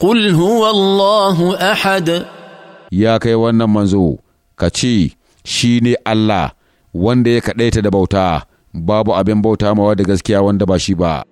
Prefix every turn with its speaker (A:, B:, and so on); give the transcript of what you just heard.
A: kul huwa Allahu ahad
B: Ya kai wannan manzo, ka ce, Shi ne Allah, wanda ya kaɗaita da bauta, babu abin bauta
C: mawa da gaskiya wanda ba shi ba.